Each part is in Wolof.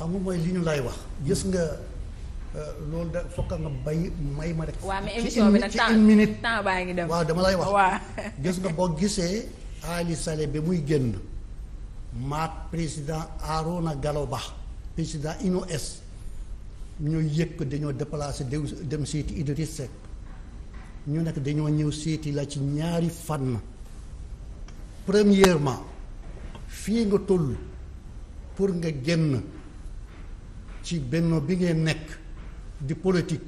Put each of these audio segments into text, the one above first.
xam mooy li ñu lay wax gis nga euh, loolu da fokk nga bay may ma rek. waaw mais émission bi nag temps une baa ngi dem waaw dama lay wax. waaw gis nga boo gisee Ali Sale bi muy génn maak président Arona Gallo Ba président UNOS ñoo yëg ko dañoo déplacé dem seeti Idriss Seck ñu nekk dañoo ñëw seeti la ci ñaari fànn premièrement fii nga toll pour nga génn. ci benno bi ngeen nekk di politique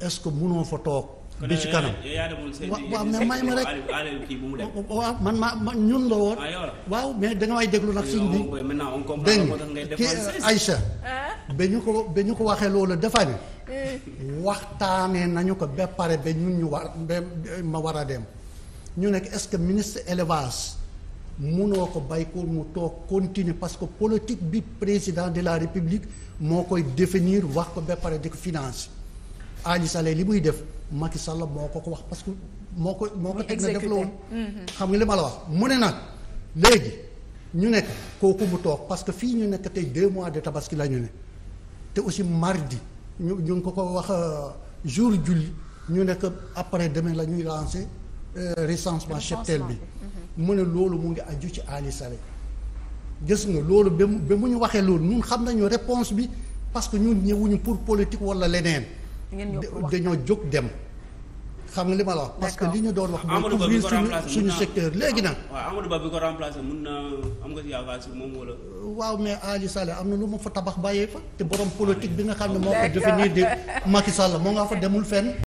est-ce que mënoo fa toog. bi ci kanam waaw mais may ma rek man ma ñun la woon. Ah, waaw mais danga nga may déglu nag suñ bi dégg nga ki euh, Aïcha. Ah. ba ñu ko ba ñu ko waxee loolu dafa ni eh. waxtaanee nañu ko ba pare ba ñun ñu war ba ma war a dem ñu nekk est-ce que ministre élevage. munoo ko bàyyi ko mu toog continuer parce que politique bi président de la république moo koy définir wax ko ba pare di finance Aly Saleh li muy def Macky Sall moo ko ko wax parce que moo ko moo ko teg na def la mhm. xam nga li ma la wax mu ne nag léegi ñu nekk kooku mu toog parce que fii ñu nekk tey deux mois de tabaski la ñu ne te aussi mardi ñu ñu ngi ko ko wax euh, jour julli ñu nekk après demain la ñuy lancer Euh, recensement cheptel bi mhm. mu ne loolu mu ngi aju ci Ali Saleh gis nga loolu ba mu ba mu ñu waxee loolu ñun xam nañu réponse bi parce que ñun ñëwuñu pour politique wala leneen dañoo jóg dem xam nga li ma la wax parce que li ñu doon wax mooy couvrir suñu secteur léegi nag ah, waaw ko remplacé mun na nga si yaakaar wala waaw mais Ali Sall am na lu ma fa tabax bàyyee fa te borom ah, politique bi nga xam ne moo ko définir di Macky Sall moo nga fa demul fenn